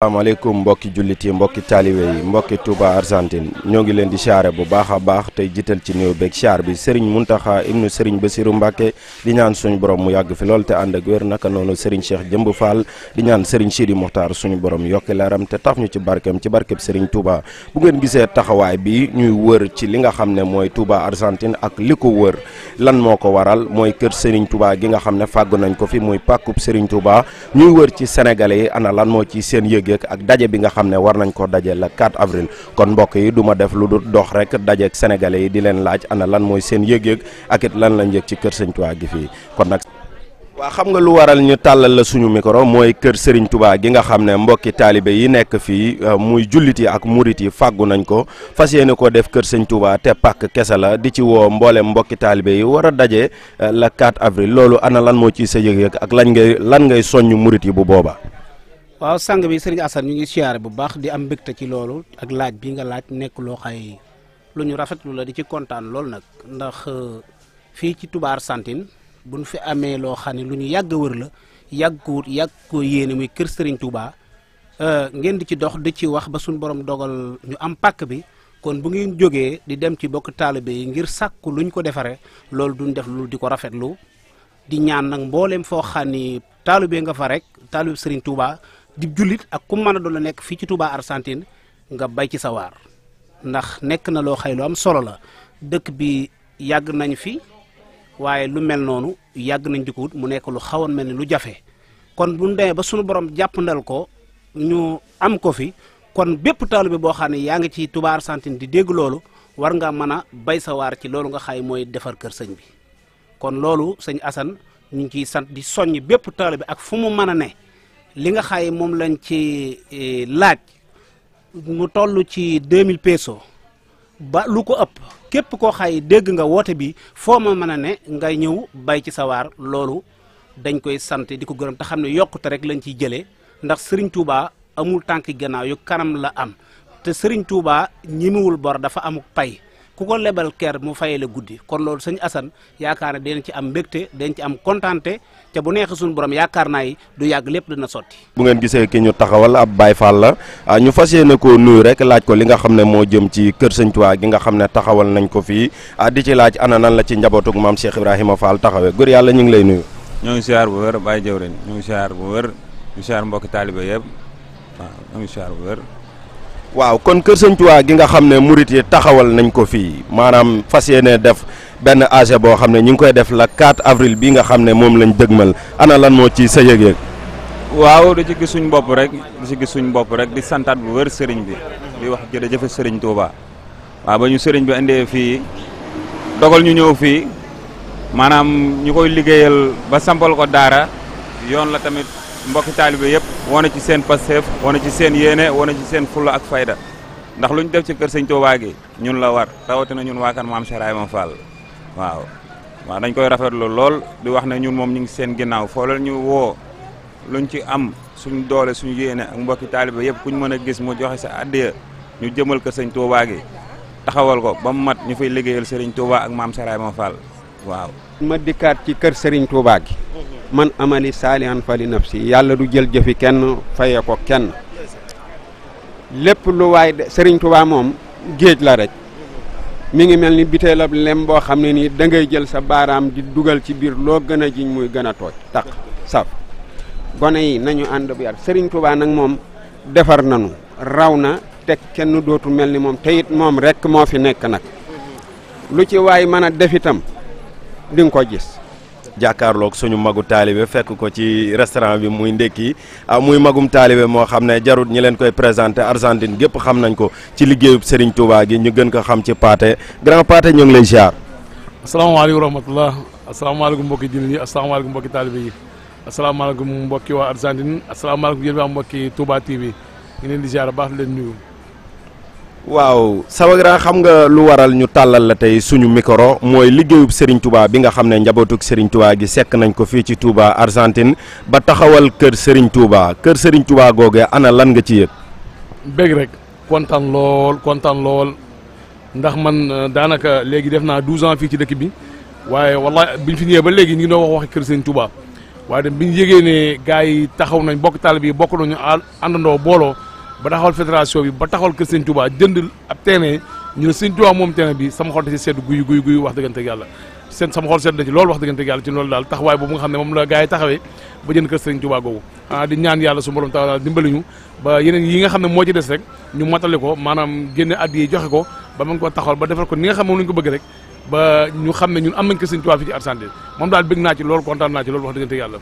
asalaamaaleykum mbokki jullit yi mbokki taalibe yi mbokki Touba Argentine ñoo ngi leen di siyaare bu baax a baax tey jital ci néew beeg siyaar bi im Mountakha ibnu ba Bassirou Mbacké di ñaan suñu borom mu yàgg fi lool te ànd ak wér naka noonu Serigne Cheikh Jëmb faal di ñaan Serigne Sidi Mokhtar suñu borom yokki te taf ñu ci barkeem ci barkeb Serigne Touba bu ngeen gisee taxawaay bi ñuy wër ci li nga xam ne mooy Touba Argentine ak li ko wër lan moo ko waral mooy kër Serigne Touba gi nga xam ne fàggu nañ ko fi muy pàkkub Serigne Touba ñuy wër ci Sénégalais ana lan moo ci seen yëg géeg ak daje bi nga xam ne war nañ ko daje la 4 avril kon mbokk yi duma def lu dul dox rek dajeeg sénégalais yi di leen laaj ana lan mooy seen yëg-yëg ak lan lañ yëg ci kër Sëñ gi fii kon nag waa xam nga lu waral ñu tàllal la suñu micro mooy kër Serigne Touba gi nga xam ne mbokki taalibe yi nekk fii euh, muy jullit yi ak murit yi fàggu nañ ko fas yéene ko def kër Serigne Touba te pàkk kese la di ci woo mboolem mbokki taalibe yi war a daje euh, la 4 avril loolu ana lan moo ci sa yëg ak lan ngay lan ngay soññ murit yi bu boobaa. waaw sang bi sëriñ Assane ñu ngi siyaare bu baax di am mbégte ci loolu ak laaj bi nga laaj nekk loo xay lu ñu rafetlu la di ci kontaan loolu nag ndax euh, fii ci Touba Argentine bu ñu fi amee loo xam ne lu ñu yàgg a wër la yàgg ko wut yàgg ko yéene muy kër sëriñ Touba euh, ngeen di ci dox di ci wax ba suñu borom dogal ñu am pàkk bi kon bu ngeen jógee di dem ci bokk taalibe yi ngir sàkku luñ ko defaree loolu duñ def lu di ko rafetlu di ñaan nag mbooleem foo xam ni taalibe nga fa rek taalibe sëriñ di jullit ak ku mën a doon la nekk fii ci Touba Argentine nga bay ci sa waar ndax nekk na loo xay lu am solo la dëkk bi yàgg nañu fi waaye lu mel noonu yàgg nañ di ko wut mu nekk lu xawoon mel ni lu jafe kon bu ñu ba suñu borom jàppandal ko ñu am ko fi kon bépp bi boo xam ne yaa ngi ci Touba Argentine di dégg loolu war ngaa mën a bay sa waar ci loolu nga xay mooy defar kër sëñ bi kon loolu sëñ Assane ñu ngi ciy sant di soñ bépp bi ak fu mu mën a ne. li nga xay moom lañ ci e, laaj mu toll ci 2000 peso ba lu ko ëpp képp koo xay dégg nga woote bi foo ma mën a ne nga ñëw bay ci sawaar loolu dañ koy sant di ko gërëm te xam ne yokkute rek lañ ciy jëlee ndax Serigne Touba amul tànk gannaaw yu kanam la am te Serigne Touba ñimiwul bor dafa amuk pay ku ko lebal ker mu fayale guddi kon loolu sëñ Assane yaakaar ne dinañ ci am mbégte dinañ ci am kontaante te bu neexee suñu borom yaakaar naa yi du yàgg lépp dina sotti. bu ngeen gisee ki ñu taxawal ab baay faal la ah, ñu fas yéene ko nuyu rek laaj ko li nga xam ne moo jëm ci kër sëñ Tuubaa gi nga xam ne taxawal nañ ko fii ah, di ci laaj ana nan la ci njabootug maam Cheikh Ibrahima Fall taxawee góor yàlla ñu ngi lay nuyu. ñoo ngi siyaar bu wër Baye Jawrin ñu ngi siyaar bu wër ñu siyaar mbokki taalibe yëpp waaw ngi siyaar bu wër waaw kon kër sëñ Tuubaa gi nga xam ne murit yi taxawal nañ ko fii maanaam fas yéene def benn AG boo xam ne ñu ngi koy def la 4 avril bi nga xam ne moom lañ dëgmal ana lan moo ci sa yëg-yëg. waaw da ci gis suñ bopp rek da ci gis suñ bopp rek di santaat bu wër sëriñ bi di wax jërëjëf sëriñ Touba waaw ba ñu sëriñ bi andee fii dogal ñu ñëw fii maanaam ñu koy liggéeyal ba sampal ko daara yoon la tamit. mbokki taalibe yëpp wane ci seen pasteef wane ci seen yéene wane ci seen fulla ak fayda ndax lu ñu def ci kër sëñ Tuubaa gi ñun la war rawatina ñun waa kan maam Cheikh Ibra Fall waaw waaw dañ koy rafetlu lool di wax ne ñun moom ñu ngi seen ginnaaw foo ñu woo luñ ci am suñ doole suñu yéene ak mbokki taalibe yëpp kuñ mën a gis mu joxe sa addiya ñu jëmal kër sëñ Tuubaa gi taxawal ko ba mu mat ñu fay liggéeyal Serigne Touba ak maam Cheikh Ibra Fall waaw ma dikkaat ci kër Serigne Touba gi man amali saalihan fali nafsi yàlla du jël jëfi kenn faye ko kenn lépp lu waay Sëriñ Tuubaa moom géej la rek mi ngi mel ni biteel ab lem boo xam ne nii dangay jël sa baaraam di dugal ci biir loo gën a jiñ muy gën a tooj taq saf gone yi nañu ànd bu yar Sëriñ Tuubaa nag moom defar nañu raw na teg kenn dootu mel ni moom te moom rek moo fi nekk nag lu ci waay mën a def itam di ko gis jàkkaarloog suñu magu taalibe fekk ko ci restaurant bi muy ndekki ah muy magum taalibe moo xam ne jarut ñi leen koy présenté Argentine gépp xam nañ ko ci liggéeyub Serigne Touba gi ñu gën ko xam ci paate grand paate ñu ngi lay ziar. asalaamaaleykum wa rahmatulah asalaamaaleykum mbokki jullit yi asalaamaaleykum mbokki taalibe yi asalaamaaleykum mbokki waa Argentine asalaamaaleykum yéen waa mbokki Touba TV ñu leen di ziar baax leen nuyu. waaw Savagra xam nga lu waral ñu tàllal la tey suñu micro mooy liggéeyub Serigne Touba bi nga xam ne njabootuk sëriñ Touba gi sekk nañ ko fii ci Touba Argentine ba taxawal kër sëriñ Touba kër sëriñ Touba googee ana lan nga ci yëg. bëgg rek kontaan lool kontaan lool ndax man euh, daanaka léegi def naa douze ans fii ci dëkk bi waaye wallaahi biñ fi ñëwee ba léegi ñu ngi doon wax waxi kër Serigne Touba waaye dem bi ñu yëgee ne gars yi taxaw nañ bokk taal yi bokk nañu àndandoo booloo. ba taxawal fédération bi ba taxawal kër Sëñ Touba jënd ab terrain ñu ne Sëñ Touba moom terrain bi sama xol da sedd guy guy wax dëggante yàlla sama xol sedd na ci loolu wax dëggante yàlla ci loolu daal taxawaay boobu nga xam ne moom yi ah, dimbali ñu ba yeneen yi nga xam ne moo ci des rek ñu matale ko maanaam génne addiya joxe ko ba mën ko taxawal ba defal ko ni nga xam moom lañ ko bëgg rek ba ñu xam ne ñun am nañ kër Sëñ Touba fii ci Argentine moom daal bëgg naa ci loolu kontaan naa ci loolu wax dëggante yàlla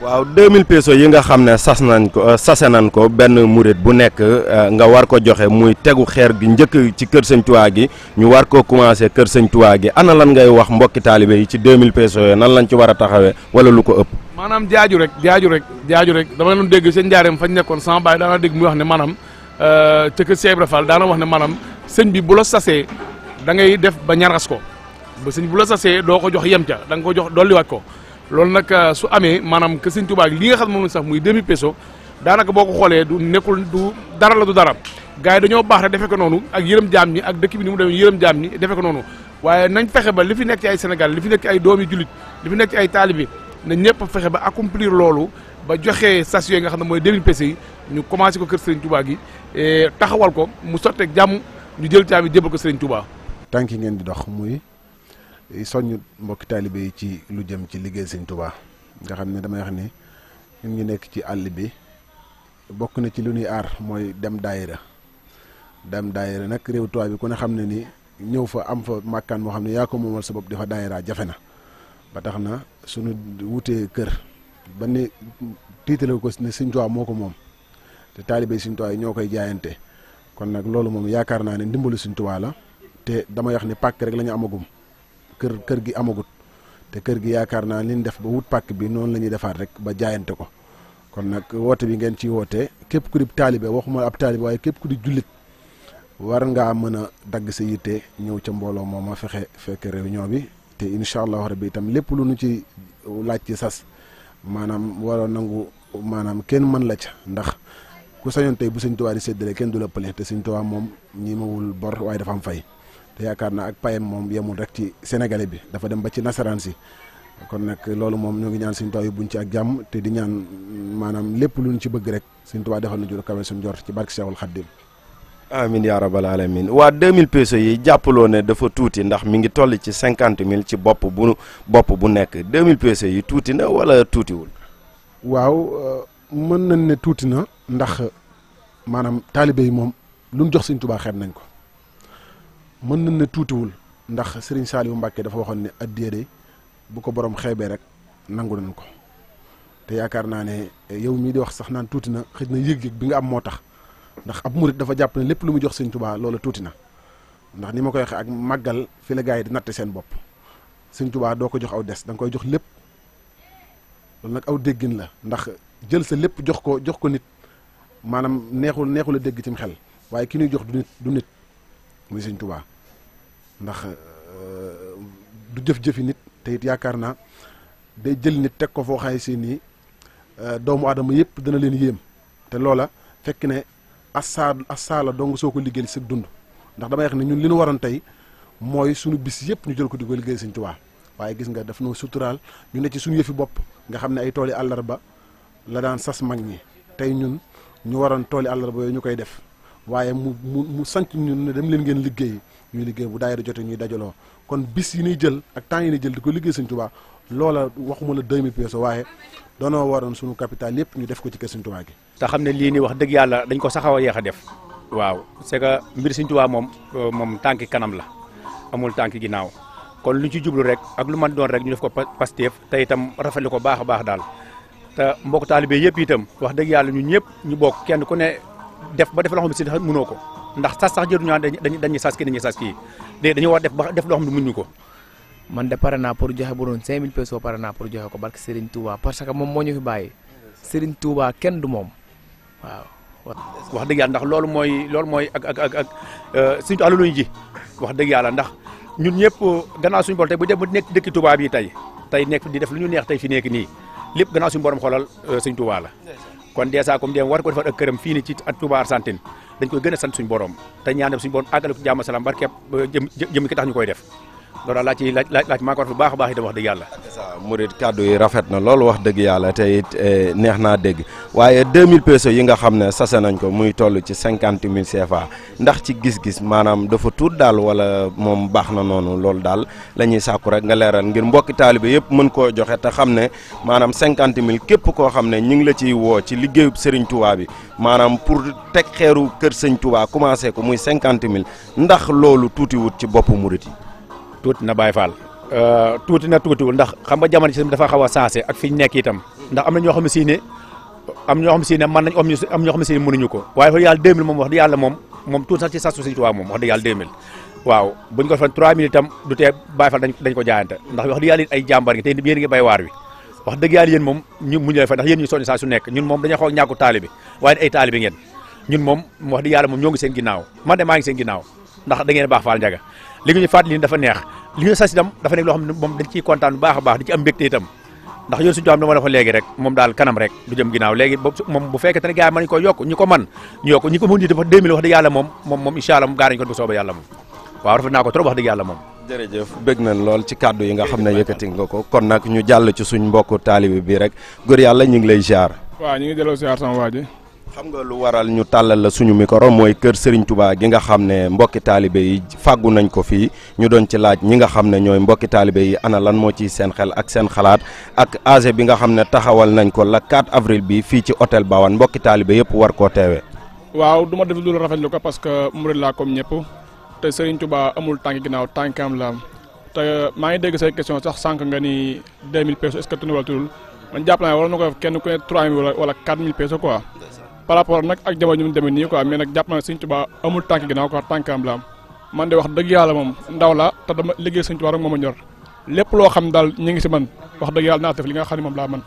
waaw deux mille pesos yi nga xam ne sas nañ ko euh, sase nañ ko benn murit bu nekk euh, nga war ko joxe muy tegu xeer gi njëkk ci kër sëñ tuwaa gi ñu war koo commencé kër sëñ tuwaa gi ana lan ngay wax mbokki taalibe yi ci 2000 pesos yooyu nan lañ ci war a taxawee wala lu ko ëpp. maanaam jaaju rek jaaju rek jaaju rek dama leen dégg seen njaareem fañ nekkoon sama baay daana dégg muy wax ne maanaam euh, ca kër Cheikh daana wax ne maanaam sëñ bi bu la sasee da ngay def ba ñaras ko ba sëñ bu la sasee doo ko jox yem ca ko jox dolliwaat ko. loolu nag euh, su amee maanaam que Sëñ Tuubaa li nga xam moom la sax muy demi daanaka boo xoolee du nekkul du dara la dara gars dañoo baax rek defe noonu ak yërëm jaam ñi ak dëkk bi ni mu demee yërëm jaam ñi defe ko noonu fexe ba li fi nekk ci ay Sénégal li fi nekk ay doomi jullit li fi nekk ci ay taalibe na ñëpp fexe ba accomplir loolu ba joxe sas yooyu nga xam ne mooy demi peso yi ñu commencé ko kër Sëriñ Tuubaa gi taxawal ko mu sotteeg jàmm ñu jël caabi jébbal ko Sëriñ Tuubaa tànki ngeen di dox muy Eh, soññ mbokki taalibe yi ci lu jëm ci liggéey sëñ Tuubaa nga xam ne dama yax ni ñun ñu nekk ci àll bi bokk na ci lu ñuy aar mooy dem daayira dem daayira nag réew Tuubaa bi ku ne xam ne ni ñëw fa am fa màkkan moo xam ne yaa ko moomal sa bopp di fa daayira jafe na ba tax na suñu wutee kër ba ni tiitale ko ne sëñ Tuubaa moo ko moom te taalibe sëñ Tuubaa yi ñoo koy jaayante kon nag loolu moom yaakaar naa ne ndimbalu sëñ Tuubaa la te dama wax ni pàkk rek lañu ñu kër kër gi amagut te kër gi yaakaar naa liñ def ba wut pàkk bi noonu la ñuy defaat rek ba jaayante ko kon nag woote bi ngeen ciy wootee képp ku di taalibe waxuma ab taalibe waaye képp ku di jullit war ngaa mën a dagg si yitte ñëw ca mbooloo moom a fexe fekk ñoo bi te incha allahu rabbi itam lépp lu nu ci laaj ci sas maanaam waroo nangu maanaam kenn mën la ca ndax ku sañoon tey bu sëñ Tuubaa di séddale kenn du la pële te sëñ Tuubaa moom ñi mawul bor waaye am fay te yaakaar naa ak payam moom yemul rek ci sénégalais bi dafa dem ba ci nasaraan si kon nag loolu moom ñoo ngi ñaan suñu tubaab ñu ci ak jàmm te di ñaan maanaam lépp lu luñ ci bëgg rek suñu tubaab defal na jur kawe suñu jor ci barke Seexul Xaddim amin yaa rabal alamin waa 2000 pesos yi jàppaloo ne dafa tuuti ndax mi ngi toll ci 50 mille ci bopp bu bopp bu nekk 2000 pesos yi tuuti na wala tuutiwul waaw euh, mën nañ ne tuuti na ndax maanaam taalibe yi moom lu jox suñ tubaa nañ ko mën nañ ne tuutiwul ndax Serigne Saliou Mbacke dafa waxoon ne addiya de bu ko borom xeebee rek nangu nañ ko te yaakaar naa ne yow mii di wax sax naan tuuti na xëj na yëg-yëg bi nga am moo tax ndax ab murit dafa jàpp ne lépp lu mu jox Serigne Touba loola tuuti na ndax ni ma koy waxee ak màggal fi la gars yi di natt seen bopp Serigne Touba doo ko jox aw des danga koy jox lépp loolu nag aw déggin la ndax jël sa lépp jox ko jox ko nit maanaam neexul neexul a xel waaye ki ñuy jox du nit muy Serigne Touba ndax euh, du jëf-jëfi nit te yaakaar naa day jël nit teg ko foo xaye si nii euh, doomu aadama yëpp dana leen yéem te loola fekk ne asaa asaa la dong soo ko liggéeyal sa dund ndax damay wax ne ñun li nu waroon tey mooy suñu bis yëpp ñu jël ko di ko liggéey Sëñ Tuubaa waaye gis nga daf noo suturaal ñu ne ci suñu yëfi bopp nga xam ne ay tooli àllarba la daan sas mag ñi tey ñun ñu waroon tooli àllarba yooyu ñu koy def waaye mu mu mu sant ñun ne dem leen ngeen liggéey ñuy liggéey bu daayira jotee ñuy dajaloo kon bis yi ñuy jël ak temps yi ñuy jël di ko liggéey Sëñ Tuubaa loola waxuma la 2000 peso waaye doonoo waroon sunu capital yëpp ñu def ko ci kër Sëñ Tuubaa gi. te xam ne lii nii wax dëgg yàlla dañ ko saxaw a yeex def. waaw c'est que mbir Sëñ Tuubaa moom moom tànki kanam la amul tànki ginnaaw kon lu ci jublu rek ak lu man doon rek ñu def ko Pastef te itam rafetlu ko baax a baax daal te mbokk taalibe yëpp itam wax dëgg yàlla ñun ñëpp ñu bokk kenn ku ne def ba def loo xam ne si mënoo ko ndax sas sax jëruñu naan dañuy dañuy sas kii dañuy sas kii de dañu war def ba def loo xam ne mënuñu ko. man de pare na pour joxe bu doon 5000 pesos pare naa pour joxe ko barke Serigne Touba parce que moom moo ñu fi bàyyi Serigne Touba kenn du moom waaw. wax dëgg yàlla ndax loolu mooy loolu mooy ak ak ak ak euh, suñu àll ji wax dëgg yàlla ndax ñun ñëpp gannaaw suñu borom tey bu dee bu nekk dëkki Touba bi tey tey nekk di def lu ñu neex tey fi nekk nii lépp gannaaw suñu borom xoolal euh, Serigne Touba la. kon dèjà comme dem war ko defal ak këram fii nii ci ak Touba Argentine dañ koy gën a sant suñu borom te ñaanal suñu borom àggale ko jàmm salaam barkeeb jëm jëm ki tax ñu koy def loolu laaj ci laaj laaj maa ko war bu baax a baax itam wax dëgg yàlla. murid kàddu yi rafet na loolu wax dëgg yàlla te it eh, neex naa dégg waaye 2000 pesos yi nga xam ne sase nañ ko muy toll ci 50 000 CFA ndax ci gis-gis maanaam dafa tuut daal wala moom baax na noonu loolu daal la ñuy sàkku rek nga leeral ngir mbokki taalibe yëpp mën koo joxe te xam ne maanaam cinquante mille képp koo xam ne ñu ngi la ciy woo ci liggéeyub Serigne Touba bi maanaam pour teg xeeru kër Serigne Touba commencé ko muy cinquante mille ndax loolu tuutiwut ci boppu murid tuuti na Baye Fall euh, tuuti na tuutiwul ndax xam nga jamono ci dafa xaw a sensé ak fi nekk itam ndax am na ñoo xam am ñoo xam si ne ko waaye wax dëgg yàlla dëgg dañ ko jaayante ndax wax dëgg yàlla ay jàmbar ngi te yéen ngi bay waar wi wax dëgg yàlla yéen moom ñu ñu soññ saa nekk ñun moom dañoo xaw ñàkku taalibi waaye ay taalibi ngeen ñun moom wax dëgg yàlla moom ñoo ngi seen ginnaaw man de maa ngi seen ginnaaw ndax da ngeen baax faal njaga li nga ñu fàttali dafa neex li nga sas itam dafa nekk loo xam ne moom dañ ciy kontaan bu a baax di ci am mbégte itam ndax yoon suñu am dama la rek moom daal kanam rek du jëm ginnaaw léegi moom bu fekkee te ne gars yi ko yokk ñi ko man ñu yokk ñi ko mën di dafa 2000 wax dëgg yàlla moom moom moom incha allah gaar ko bu sooba yàlla moom waaw rafet naa ko trop wax dëgg yàlla moom jërëjëf bëgg nañ lool ci kàddu yi xam ne yëkkati nga ko kon nag ñu jàll ci suñ mbokku taalibi bi rek góor ngi lay xam nga lu waral ñu tàllal la suñu micro mooy kër Serigne Touba gi nga xam ne mbokki taalibe yi fàggu nañ ko fii ñu doon ci laaj ñi nga xam ne ñooy mbokki taalibe yi ana lan moo ciy seen xel ak seen xalaat ak AG bi nga xam ne taxawal nañ ko la 4 avril bi fii ci hôtel Bawane mbokki taalibe yëpp war koo teewee. waaw du ma def lu rafetlu ko parce que murid laa comme ñëpp te Serigne tubaa amul tànk ginnaaw tànkam la te maa ngi dégg say question sax sànq nga ni 2000 pesos est-ce wala tuddul man par rapport nag ak jamono ñu demee nii quoi mais nag jàpp naa ne Sëñ Tuubaa amul tànk ginnaaw quoi tànkam la am man de wax dëgg yàlla moom ndaw la te dama liggéey Sëñ Tuubaa rek moom a ñor lépp loo xam daal ñu ngi si man wax dëgg yàlla naa def li nga xam ne moom laa man